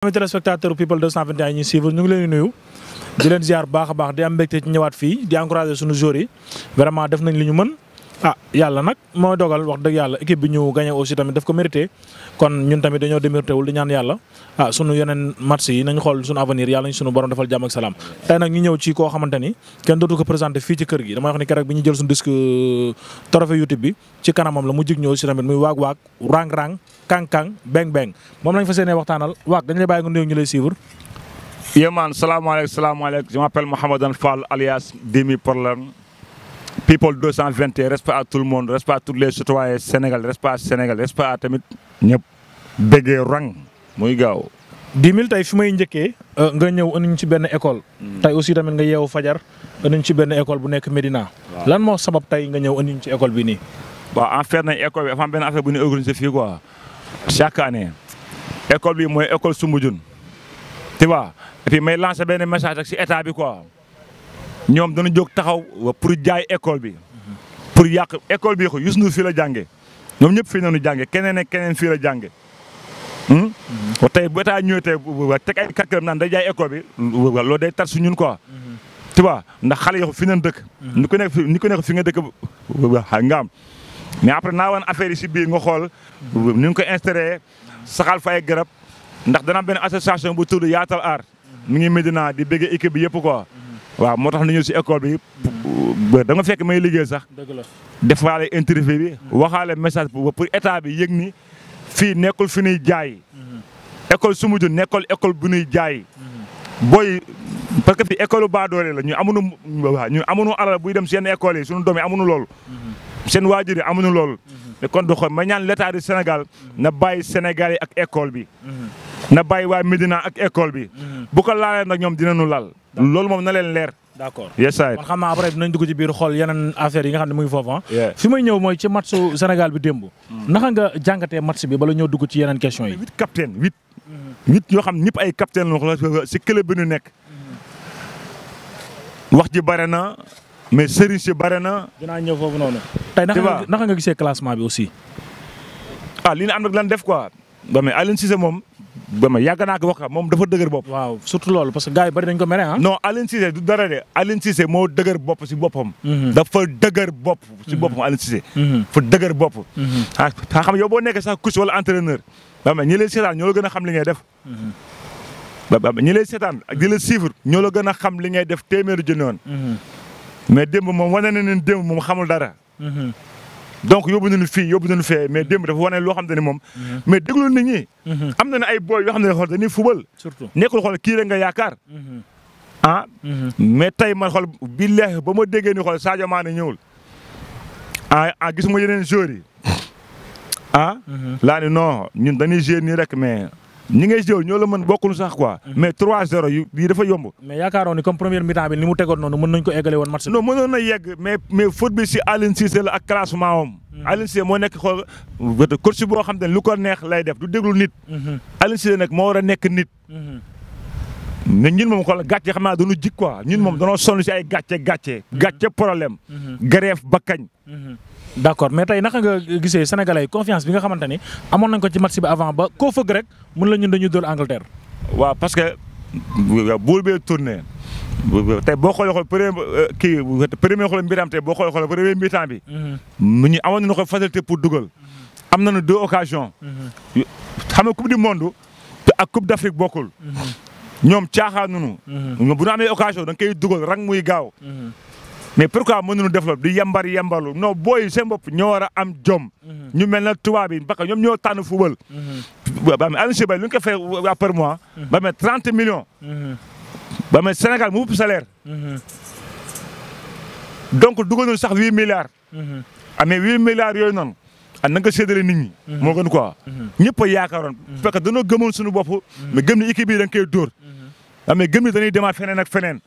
amis téléspectateurs people 221 ñu ngi leen nuyu di leen ziar baax a baax di am mbégte ci ñëwaat fii di encourager suñu joueurs yi def nañ li ñu mën ah yàlla nag mooy dogal wax dëgg yàlla équipe bi ñu gagné aussi tamit daf ko mérité kon ñun tamit dañoo démérité wul di ñaan yàlla ah sunu yeneen match yi nañ xool suñu avenir yàlla ñu sunu borom defal jàmm ak salaam tey nag ñu ñëw ci koo xamante ni kenn dootu ko présenté fii ci kër gi dama wax ni keroog bi ñu jël suñu disque euh, bi ci kanamam la mu jig ñu aussi tamit muy waag waag rang rang kang-kang beng-beng moom lañ fa seenee waxtaanal waak dañ lay bàyyi nga nuyu ñu lay suivre yéemaan salaamaaleykum salaamaaleykum je m'appelle Mouhamadou Fall alias Dimi Problème people 221 respect à tout le monde respect à tous les citoyens sénégalais respect a Sénégal respect à tamit ñëpp déggee rang muy gaaw Dimi tey fi may njëkkee euh, nga ñëw ñu ci benn école hmm. tey aussi tamit nga yeewu fajar ëndiñ ci benn école bu nekk Médina lan moo sabab tey nga ñëw ëndiñ ci école bi nii waaw en fait bu ñu organisé fii quoi chaque année école bi mooy école Soumbédioune tu vois et puis may lancer benn message rek si état bi quoi ñoom dañu jóg taxaw pour jaay école bi. pour yàq école bi ko nu Ndour fii jàngee ñoom ñëpp fii nañu jàngee keneen ak keneen fii la jàngee. Hmm? ba tey bu état ñëwee tey teg ay kàkkaaram naan day jaay école bi loolu day tar su ñun quoi. tu vois ndax xale yi fi nañ dëkk. ni ko nekk fi ni ko nekk fi nga dëkk nga mais après naa wan affaire yi si biir nga xool ni nga ko installé saxal fa garab ndax dana am benn association bu tudd yaatal aar mu ngi Medina di bëgg équipe bi yëpp ko waaw moo tax ñu ñëw si école bi da nga fekk may liggéey sax. dëgg la defaale interview bi. waxaale message pour état bi yëg ni fii nekkul fi ñuy jaay. école su mujj nekkul école bu nuy jaay. booy parce que fi école baa doole la ñu amuñu waa ñu amuñu alal buy dem seen école yi suñu doom yi loolu. seen waajur yi amuñu loolu. kon du xool ma ñaan l'état du Sénégal na bàyyi Sénégal yi ak école bi. na bàyyi waa Médina ak école bi. bu ko laalee nag ñoom dina dinañu laal. loolu moom na leen leer. d' accord yes sir kon xam naa après dinañ dugg ci biir xool yeneen affaire yi nga xam ne muy foofu ah. fi may ñëw mooy ci match Sénégal bi démb. naka nga jàngatee match bi bala ñëw dugg ci yeneen question yi. huit capitaine huit. huit yoo xam ñëpp ay capitaine la wax si club bi nu nekk. wax ji bare na mais sëriñ si bare na. dinaa ñëw foofu noonu. tey naka nga gisee classement bi aussi. ah li ñu am nag lan def quoi. ba mais Alioune moom. ba ma yàgg naa ko wax moom dafa dëgër bopp. waaw surtout loolu parce que gars bari nañ ko mere ah. non Alioune du dara de Alioune Cissé moo dëgër bopp si boppam. Mhm. dafa dëgër bopp si boppam mhm. Alioune Cissé. Mhm. fa dëgër bopp. ah xam yow boo nekkee sax coach wala entraîneur. ba ma ñi lay seetaan ñoo la gën a xam li ngay def. ba ba ñi lay seetaan ak di ñoo la gën a xam li ngay def téeméeri junni woon mais démb moom wane na ne démb moom xamul dara. Mhm. donc yóbbu nañu fii yóbbu nañu fee mais démb dafa wane loo xam te ne moom. Mhm. mais déglu nit ñi. Mhm. am na ne ay booy yoo xam ne xool dañuy fubal. surtout nekkul xool kii rek nga yaakaar. ah. mais tey ma xool billahi ba ma déggee ni xool Sadio Mané ñëwul. ah gis ah, gisuma yeneen joueurs yi. ah. laa ni non ñun dañuy jouer nii rek mais. ñi ngay jëw ñoo la mën bokkul sax quoi. Mm-hmm. mais 3-0 yu bii dafa yomb. mais yaakaaroon ni comme première mi-temps bi ni mu tegoon noonu mën nañ ko eggale woon match bi. non mënoon na yegg mais mais si Alioune Cissé ak classement am. Mm-hmm. Alioune Cissé moo nekk xool coach boo xam te ne lu ko neex lay def du déglu nit. Mm-hmm. Alioune Cissé nag moo war a nekk nit. mais ñun moom xool gàcce xam naa dañu jik quoi ñun moom mm-hmm. danoo sonn si ay gàcce gàcce. Mm-hmm. gàcce problème. Mm-hmm. grève ba kañ. d' accord mais tey naka nga gisee sénégalais confiance bi nga xamante ni amoon nañ ko ci match bi avant ba koo fëgg rek mun la ñun dañu dóor Angleterre. waaw parce que buur bee tourné te boo xoolee xool premier euh, kii premier xool mbiram tey boo xoolee xool premier mi bi. mu ñu amoon nañu ko facilité pour dugal. am nañu deux occasions. xam nga coupe du monde te ak coupe d' bokkul. ñoom caaxaanunu mhm. bu ñu amee occasion da nga koy dugal rang muy gaaw mhm. mais pourquoi mënuñu def loolu di yembar yembarlu non booy seen ñoo war a am jom mhm. ñu mel na tubaab yi parce ñoom ñoo tànn football ba amee Aliou Seye lu ñu ko waa par mois ba amee trent millions ba amee Sénégal mu ëpp salaire donc dugal nañu sax huit milliards amee ah, huit milliards yooyu noonu ak na nga ko nit ñi. Mhm. moo gën quoi. Mhm. ñëpp a yaakaaroon. parce mhm. que danoo gëmoon suñu bopp. mais gëm ni bii yi da koy dóor. Ah, mais gëm ni dañuy demaat feneen ak feneen.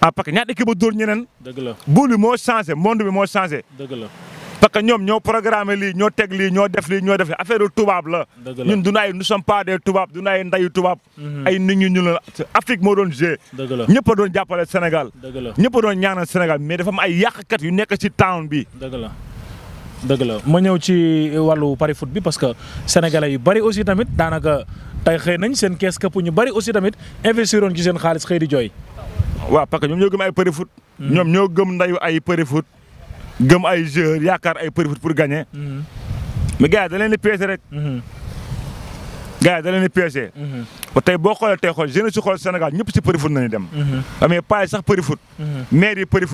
ah parce que ñaata équipe ba dóor ñeneen. dëgg la boule bi moo changé monde bi moo changé. dëgg la parce que ñoom ñoo programmé lii ñoo teg lii ñoo def lii ñoo def affaire tubaab la. ñun du ñu ay nous sommes pas des tubaab du ndayu tubaab. ay nit ñu ñu la Afrique moo doon joué. dëgg la ñëpp doon jàppale Sénégal. dëgg la ñëpp a doon ñaanal Sénégal mais dafa am ay yàqkat yu nekk ci town bi. dëgg la dëgg la ma ñëw ci wàllu pari foot bi parce que sénégalais yu bari aussi tamit daanaka tey xëy nañ seen kees këpp ñu bari aussi tamit investir woon ci seen xaalis xëy di jooy. waaw parce que ñoom ñoo gëm ay pari foot. Hmm. ñoom ñoo gëm ndayu ay pari foot. gëm ay joueurs yaakaar ay pari foot pour gagner. Hmm. mais gars yi da leen di peese rek. Hmm. gars yi da leen di peese. tey boo xoolee tey xool jeunesse su xool Sénégal ñëpp si pari foot nañu dem. mais pas sax pari foot. maire yi pari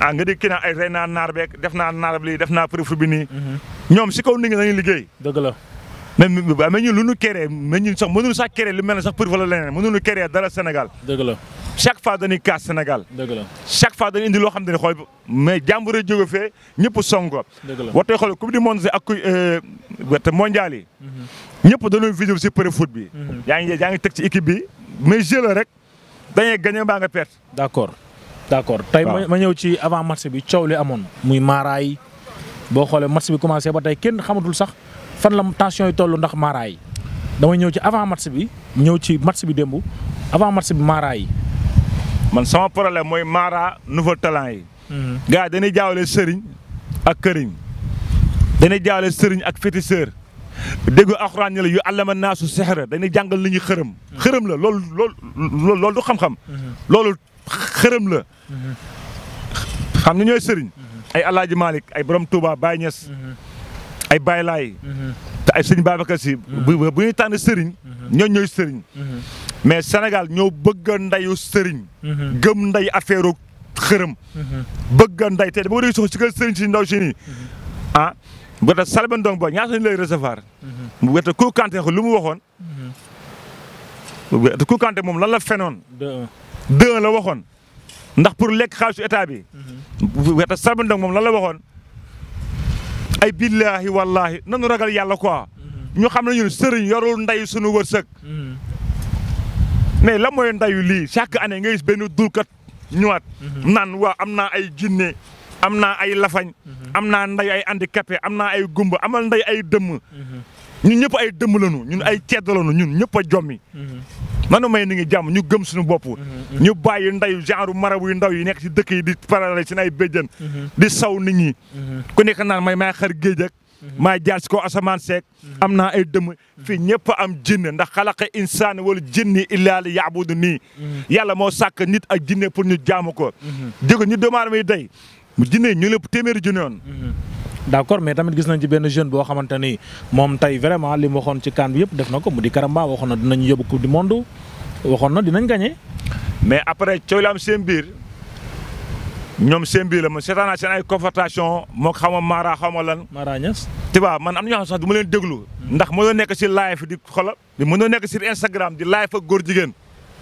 ah nga dégg kii naa naar beeg def naa naar bi lii def naa préfure bi nii. Mhm. ñoom si kaw nit ñi dañuy liggéey. dëgg la. même waaye mais ñun lu ñu kéré mais ñun sax mënuñu sax kéré lu mel ne sax préfure la leneen mënuñu kéré dara Sénégal. dëgg la chaque fois dañuy kaas Sénégal. loo xam ne xool mais jàmbur yi jóge fee ñëpp song ko. dëgg la waxtu xool coupe du monde ak euh, wet mondial yi. Mhm. ñëpp dañuy vidéo si préfure bi. Mhm. yaa ngi yaa ngi teg ci équipe bi mais jeu la rek dañuy gagné mbaa nga perte. d' accord tey ma ñëw ci avant match bi coow li amoon muy maaraay boo xoolee match bi commencé ba tey kenn xamatul sax fan la tension yi toll ndax maaraay dama ñëw ci avant match bi ñëw ci match bi démb avant match bi maaraay. man sama problème mooy maara nouveau talent yi. Mhm. gars yi dañuy jaawale sëriñ ak këriñ danay jaawale sëriñ ak féticheur déggu alxuraan la yu allama naasu sexra dañuy jàngal li ñuy xërëm. Mhm. xërëm la loolu loolu loolu du xam-xam. Mhm. loolu xërëm la. xam nga ñooy sëriñ. ay El Hadj Malick ay borom Touba Baye Niass. ay Baye Laye. ay sëriñ Babacar Sy. bu bu ñuy tànn sëriñ. ñoo ñooy sëriñ. mais Sénégal ñoo bëgg a ndeyu sëriñ. gëm nday affaire xërëm. bëgg a nday te dama war a sox si kër sëriñ si ndaw si nii. ah bu ko defee Salbé Ba ñaata ñu lay recevoir. bu ko defee Kounkandé lu mu waxoon. bu ko defee moom lan la fenoon. deux la waxoon ndax pour lekk xaalisu état bi. weta Samba Ndong moom la la waxoon ay billaahi wallaahi nanu ragal yàlla quoi. ñu xam ne ñun sëriñ yorul ndeyu suñu wërsëg. mais la mooy ndeyu lii chaque année nga gis benn dulkat ñëwaat. naan waa am naa ay jinne am naa ay lafañ. am naa nday ay handicapé am naa ay gumba amal nday ay dëmm. ñun ñëpp ay dëmm lañu ñun ay cedd lañu ñun ñëpp a jommi. nanu may ni ngi jàmm ñu gëm suñu bopp mm-hmm, mm-hmm. ñu bàyyi ndayu genre marabu yu ndaw yi nekk si dëkk yi di parale seen ay béjjën mm-hmm. di saw nit ñi ku nekk naan may may xar géej ak maa jaar si ko asamaan seek am naa ay dëmm fii ñëpp am jinne ndax xalaqa insaan wala jinni illaa li yaabudu nii yàlla moo sàkk nit ak jinne pour ñu jaamu ko jógo ñu doomu aadama yi day mu jinne ñu lépp téeméeri junne yoon d' accord mais tamit gis nañ ci benn jeune boo xamante ni moom tey vraiment li mu waxoon ci kan bi yëpp def na ko mu di Karamba waxoon na dinañ yóbbu coupe waxoon na dinañ gagné. mais après coow la am seen biir ñoom seen biir la man seetaan naa seen ay confrontation moo xaw ma Mara xaw ma lan. Mara Niass. tu vois man am na ñoo xam sax du ma leen déglu. ndax mënoo nekk si live di xola di mënoo nekk si Instagram di live ak góor jigéen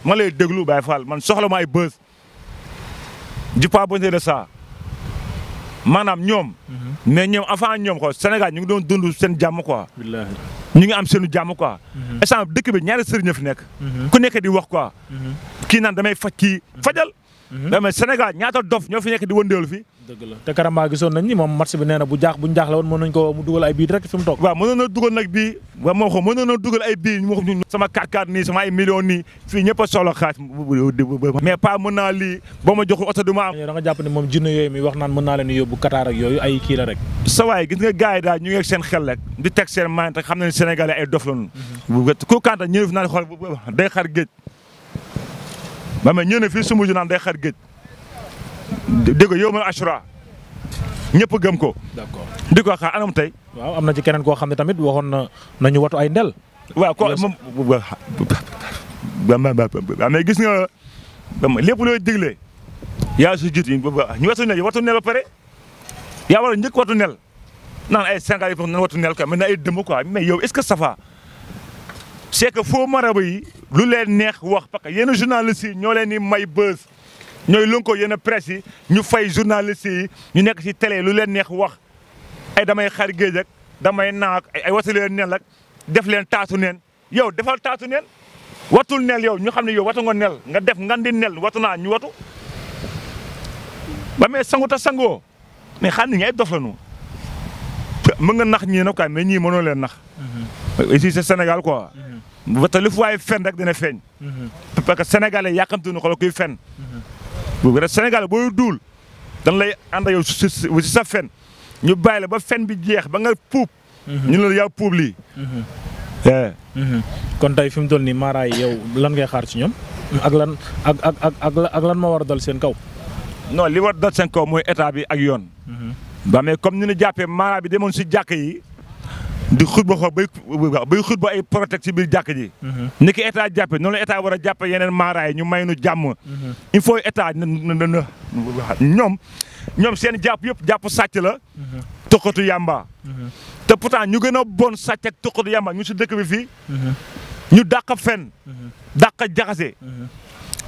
ma lay déglu Baye Fall man soxla ma ay buzz. ji maanaam ñoom. Mhm. mais ñoom avant ñoom ko Sénégal ñu ngi doon dund seen jàmm quoi. ñu ngi am seenu jàmm quoi. Mhm. instant dëkk bi ñaari sëriñ fi nekk. Mhm. ku nekk di wax quoi. kii naan damay faj ki fajal. da mm-hmm. mais Sénégal ñaata dof ñoo fi nekk di wëndeelu fi dëgg la te Karamba gisoon nañ moom match bi nee bu jaax bu ñu jaaxle woon waaw moo xam mënoon dugal ay bii sama kaat-kaat nii sama ay millions nii fii ñëpp a soxla xaaj mais pas mën naa lii ba ma joxul oto du ma am da moom jinne yooyu mi wax naan mën naa leen yóbbu Qatar ak yooyu ay kii la rek sa waay gis nga gars daal ñu ngi seen xel rek di teg seen main te xam nañ Sénégalais ay dof lañu mm-hmm. ku kanta ñëw fi naan xool day xar géej ma ne ñu ne fii sumb ji naan day xar géej yow ma Ashura ñëpp gëm ko. d'accord di ko xaar anam tey. waaw am na ci keneen koo xam ne tamit waxoon na nañu watu ay ndel. waa ko moom mais gis nga lépp looy digle yaa su jiitu ñu watu nel watu nel pare yaa war a njëkk watu nel naan ay Sénégal yi foofu nan watu nel quoi mën na ay dëmb quoi mais yow est-ce que ça c'est que faux marabout yi lu leen neex wax parce que yenn journalistes yi ñoo leen di may buzz ñooy lënkoo yenn presse yi ñu fay journalistes yi ñu nekk ci télé lu leen neex wax ay damay xar géej ak damay naak ay watu leen nel ak def leen taatu neen yow defal taatu neen watul nel yow ñu xam ne yow watu nga nel nga def ngan di nel watu naa ñu watu ba mais sangu ta sangoo mais xam ni ñi ay dof lañu mën nga nax ñii nag quoi mais ñii mënoo leen nax mhm. ici quoi mhm. ba te lu fu waay fen rek dina feeñ. Mhm. parce que sénégalais yàqamtu na xool kuy fen. Mhm. bu ko sénégalais booy duul dan lay ànd yow si sa fen ñu bàyyi la ba fen bi jeex ba nga puub. Mhm. ñu ne la yaa puub lii. Eh. kon tey fi mu toll nii Mara yi yow lan ngay xaar ci ñoom. ak lan ak ak ak lan moo war a dal seen kaw. non li war dal seen kaw mooy état bi ak yoon. ba mais comme ni ñu jàppee Mara bi demoon si jàkk yi. di xutba xool bay bay xutba ay protect ci biir jàkk ji mhm. ni ki état jàppe noonu la état war a jàppe yeneen maaraay ñu may nu jàmm mhm. il faut état ñoom ñoom seen jàpp yëpp jàpp sàcc la mhm. tokkatu yàmba te pourtant ñu gën a bon sàcc ak tokkatu ñu si dëkk bi fii ñu dàq fen dàq jaxase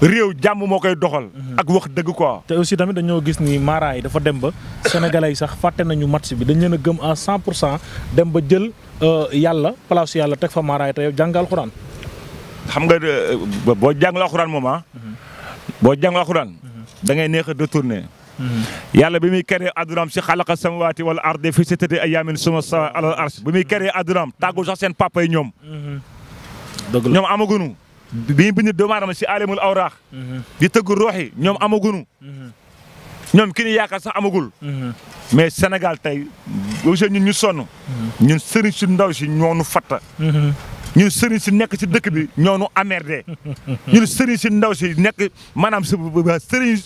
réew jàmm moo koy doxal. Mhm. ak wax dëgg quoi. te aussi tamit dañoo gis nii Mara yi dafa dem ba sénégalais yi sax fàtte nañu match bi dañ leen a gëm à 100 pour cent dem ba jël euh, yàlla place yàlla teg fa Mara yi te yow jàngal xuraan. xam nga euh, boo jàngal xuraan moom ah. Mhm. boo jàngal xuraan. Mhm. da ngay neex a détourné. yàlla bi muy keree addunaam si xalaqa samawaati wala arde fi sittati ayaamin suma sawa alal arsh bi muy keree addunaam tàggul sax seen papa ñoom. dëgg ñoom amagunu. bi ñu doomu aadama si alimul awraax di tëgg roox ñoom amagunu ñoom ki ñu yaakaar sax amagul mais senegal tey aussi ñun ñu sonn ñun sëriñ si ndaw si ñoonu fatta ñun sëriñ si nekk si dëkk bi ñoonu amerde ñun sëriñ si ndaw si nekk maanaam sëriñ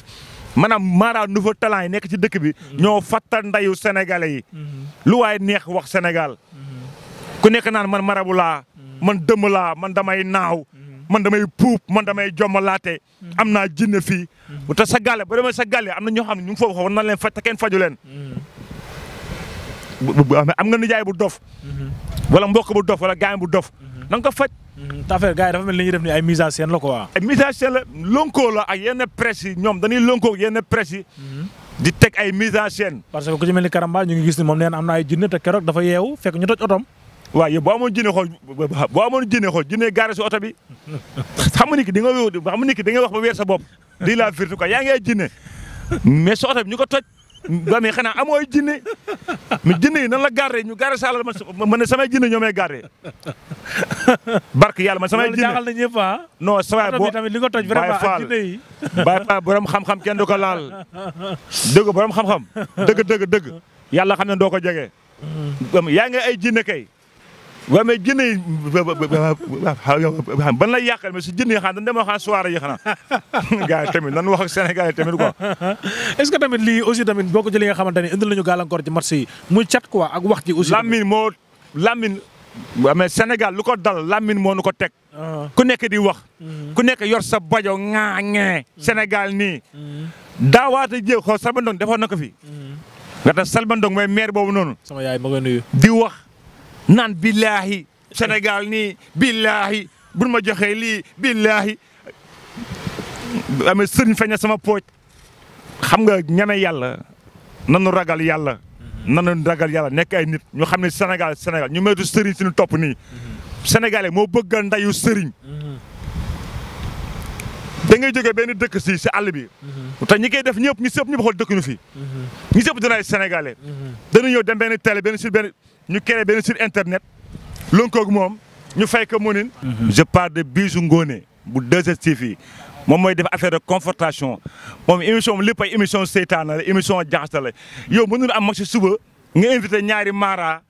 maanaam maanaam nouveau talent yi nekk ci dëkk bi ñoo fatta ndayu senegal yi lu waaye neex wax Sénégal ku nekk naan man marabu laa man dëmm laa man damay naaw man damay puub man damay jommalaate am naa jinne fii mm-hmm. te sa gàlle ba demee sa gàlle am na ñoo xam ne ñu ngi foofu xaw na leen faj te kenn faju leen mm-hmm. am nga nijaay bu mm-hmm. bu dof wala na nga ko faj taffaire gars yi dafa mel ni ñuy def ni ay mise en scène la quoi ay mise en la lënkoo la ak yenn presse yi ñoom dañuy lënkoo ak yenn presse yi di teg ay mise en scène parce que ku ci mel ni Karamba ñu ngi gis ni moom neen am na ay jinne te keroog dafa yeewu fekk ñu otom waaw yow boo amoon jinne xool boo amoon jinne xool jinne gaare si oto bi xam nga ni ki di nga xam nga ni ki da nga wax ba weer sa bopp di la virtu quoi yaa ngi ay mais sa oto bi ñu ko toj ba xanaa amoo ay jinne mais jinne la gaare ñu gaare saalal ma man ne samay jinne ñoo may gaare barke yàlla man samay jinne jaaxal na ñëpp ah boo tamit li ko toj vraiment ak jinne yi bàyyi faal borom xam-xam kenn du ko laal dëgg borom xam-xam dëgg dëgg dëgg yàlla xam ne doo ko jege mm. yaa ngi ay jinne kay waaw mais jënd yi ban lay yàqal mais su jënd yi xam dañ demoo xam soirée yi xanaa gars yi tamit nan wax ak Sénégal yi tamit quoi est-ce que tamit lii aussi tamit boo ko jëlee nga xamante ne indil nañu gàllankoor ci match yi muy cat quoi ak wax ji aussi Lamine moo Lamine mais Sénégal lu ko dal Lamine moo nu ko teg ah. ku nekk di wax mm-hmm. ku nekk yor sa bajo ŋaa ŋee mm-hmm. Sénégal nii mm-hmm. daawaata jéeg xool Salma Ndong defoon na ko fi nga tax Salma Ndong mooy maire boobu noonu sama yaay ma di wax naan billaahi Sénégal nii billaahi buñ ma joxee lii billaahi amee sëriñ feñe sama pooj xam nga ñeme yàlla nanu ragal yàlla nanu ragal yàlla nekk ay nit ñu xam ne senegal Sénégal ñu moytu sëriñ si ñu topp nii Sénégalais moo bëgg ndayu sëriñ da ngay benn dëkk si si àll bi te ñu koy def ñëpp ñu sëpp ñu xool dëkk ñu fi. ñu sëpp dinaay Sénégalais. dana ñëw dem benn télé benn si benn ñu créé benn site internet lënkoogu moom ñu fay ko munin mhm. je parle de Bijou Ngoné bu 2STV moom mooy def affaire de confortation moom émission lépp ay émission seytaan la émission jaxasta la yow mënul am mag suba nga invité ñaari mara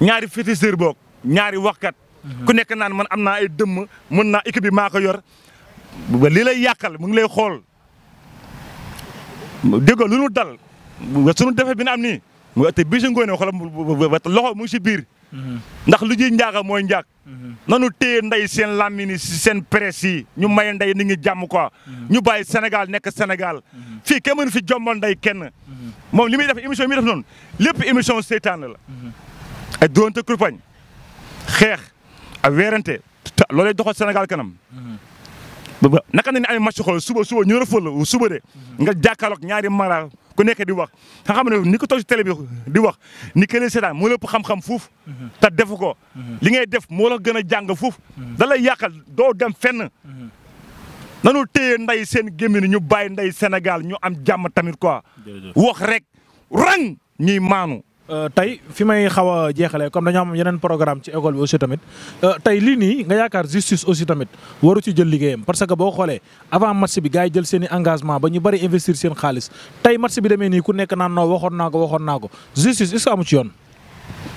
ñaari féticheur boog ñaari waxkat mhm. ku nekk naan man am naa ay dëmm mën naa équipe bi maa ko yor ba lii lay yàqal mu ngi lay xool dégg lu nu dal sunu defet bi na am nii mu te bisu ngoone xolam loxo mu ngi si biir. Mm-hmm. ndax lu ñuy njaaga mooy njaag. Mm-hmm. nanu téye nday seen lamini seen presse yi ñu may nday ni ngi jàmm quoi. Mm-hmm. ñu bàyyi senegal nekk senegal fii kenn mënu fi jombal nday kenn. moom li muy def émission mi def noon lépp émission seytaan la. ay doonte kurpañ xeex a weerante te loolay doxal Sénégal kanam. ba naka na ni ay xool suba suba ñu rëfal suba de. nga jàkkaarloog ñaari mara. ko nekkee di wax nga xam ne ni ko toog si télé di wax ni kële seetaan moo lépp xam-xam fuuf te defu ko li ngay def moo la gën a jàng fuuf da yàqal doo dem fenn nanu téye nday seen gémmiñ ñu bàyyi nday senegal ñu am jàmm tamit quoi wax rek rang ñuy maanu Euh, tey fi may xaw a jeexalee comme dañoo am yeneen programme ci école bi aussi tamit euh, tey lii nii nga yaakaar justice aussi tamit waru ci jël liggéeyam parce que boo xoolee avant match bi gars yi jël seen i engagement ba ñu bëri investir seen xaalis tey match bi demee nii ku nekk naan noo waxoon naa ko waxoon naa ko justice est que amu ci yoon.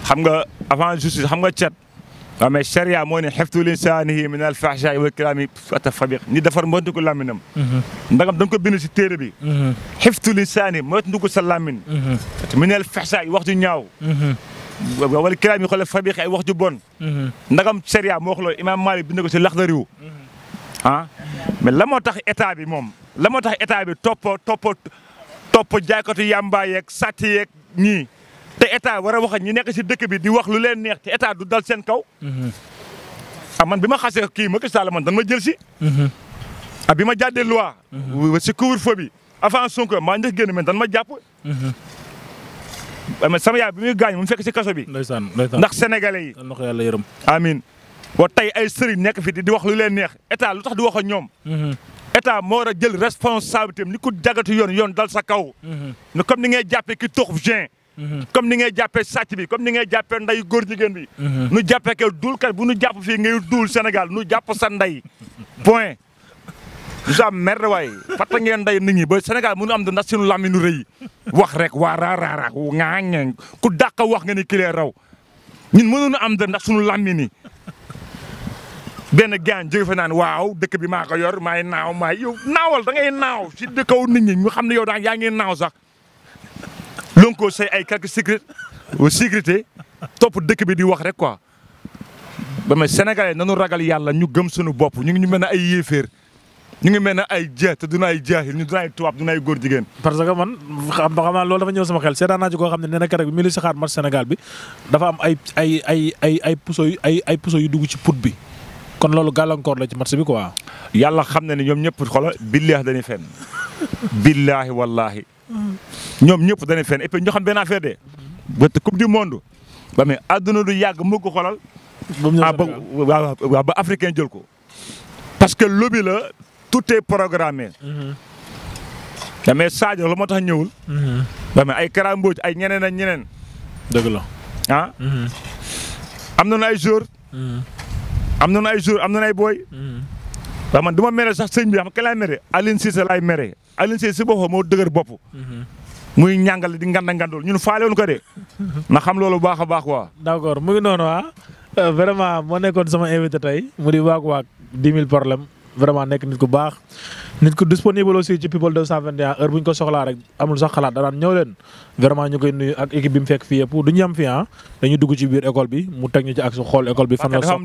xam nga avant justice xam nga cet waaw mais charia moo ne xeftu lisaanihi min alfahshaai wal kalaami atafabiq ni defar moytandiku làmminam ndagam dañ ko bind si téere bi xeftu lisaani moytandiku sa làmmin min alfahshaai wax ju ñaaw wala kalaam yi xoolal fabiq ay wax ju bon ndagam charia moo wax loolu imaam Maalik bind ko si laxdari wu ah mais la moo tax état bi moom la moo tax état bi topp topp topp jaaykatu yàmbaa yeeg sàcc yeeg ñii te état war a wax ak ñi nekk si dëkk bi di wax lu leen neex te état du dal seen kaw. Mhm. ah bi ma xasee kii Macky Sall man dan ma jël si. Mhm. ah bi ma jàddee loi. Mhm. si couvre-feu bi avant Sonko maa njëkk génn man dan ma jàpp. Ah, mais sama yaay bi muy gaañ mu fekk si kaso bi. ndeysaan ndeysaan ndax sénégalais yi. ndax yàlla yërëm. amiin ba tey ay sëriñ nekk fi di wax lu leen neex état lu tax di wax ak ñoom. état moo war a jël responsabilité am ni ko jagatu yoon yoon dal sa kaw. ne comme ni ngay jàppee ki tox juin. comme ni ngay jàppee sàcc bi comme ni ngay jàppee nday góor jigéen bi. Mhm. nu jàppee que duulkat bu nu jàpp fii ngay duul senegal nu jàpp sa nday point. Moussa merde waay fàttali ngeen nday nit ñi ba Sénégal mënu am ndax suñu nu rëy wax rek waa raaraara ngaa ngeen ku dàq wax nga ni kilee raw ñun mënuñu am ndax suñu làmmiñ ni benn gaan jóge fa naan waaw dëkk bi maa ko yor maay naaw maay yow naawal da ngay naaw si dëkkaw nit ñi ñu xam ne yow daan yaa ngi naaw sax. lënkoo say ay quelques secret sécurité topp dëkk bi di wax rek quoi ba may sénégalais nanu ragal yàlla ñu gëm suñu bopp ñu ngi ñu mel ne ay yéeféer ñu ngi mel ne ay jeex duna ay jaahil ñu duna ay tubaab duna ay góor jigéen. parce que man xam ba xam loolu dafa ñëw sama xel seetaan naa koo xam ne nee na rek bi mi ngi si xaar match Sénégal bi dafa am ay ay ay ay ay puso yu ay ay puso yu dugg ci put bi kon loolu gàllankoor la ci match bi quoi. yàlla xam na ne ñoom ñëpp xoolal billaahi dañuy fenn billaahi wallaahi. ñoom ñëpp dañuy fenn et puis ñu xam benn affaire de ba coupe du monde ba mais àdduna du yàgg mu ko xoolal. ba ah, africain jël parce que lobby la tout est programmé. da mm-hmm. mais Sadio la moo tax ñëwul. Mm-hmm. ba mais ay Kara Mbodj ay ñeneen ak ñeneen. dëgg la ah. Mm-hmm. am nañu ay jour am nañu ay jour am nañu ay booy. dama man ma mere sax sëñ bi xam nga laay mere Alioune Cissé laay mere Alioune Cissé si boppam moo dëgër bopp. muy ñàngal di nganda ngandul ñun faale woon ko de. na xam loolu baax a baax quoi. d'accord mu ngi noonu ah euh, vraiment moo nekkoon sama invité tey mu di waag waag 10 000 problème vraiment nekk nit ku baax nit ku disponible aussi ci people 221 heure bu ñu ko soxlaa rek amul sax xalaat danaan ñëw vraiment ñu koy nuyu ak équipe bi mu fekk fii yëpp du ñu yem fii ah. dañuy dugg ci biir école bi mu teg ñu ci ak su xool école bi. fan la soxla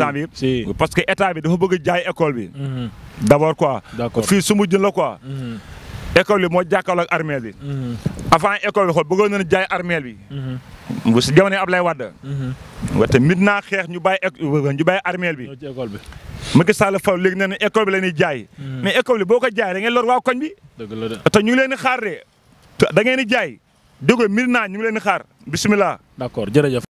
dafa parce que état bi dafa bëgg jaay école bi. Mhm. d' abord quoi. su mu la quoi. Mhm. école bi moo jàkkaarloog armeel bi. avant école bi xool na nañu jaay armeel bi. bu si ab lay Wade. wate mit naa xeex ñu bàyyi ñu bàyyi armeel bi. ci école bi. Macky Sall léegi na na école bi la ñuy jaay. Mm-hmm. mais école bi boo ko jaay da ngeen lor waa koñ bi. dëgg la te ñu ngi leen di xaar de da ngeen di jaay dégg mit naa ñu leen di xaar bisimilah. d'accord jërëjëf.